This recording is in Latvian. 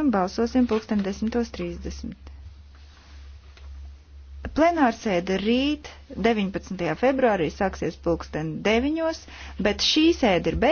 un balsosim pulksten 10.30. Plenārsēde rīt 19. februārī sāksies pulksten 9, bet šī sēde ir beigta.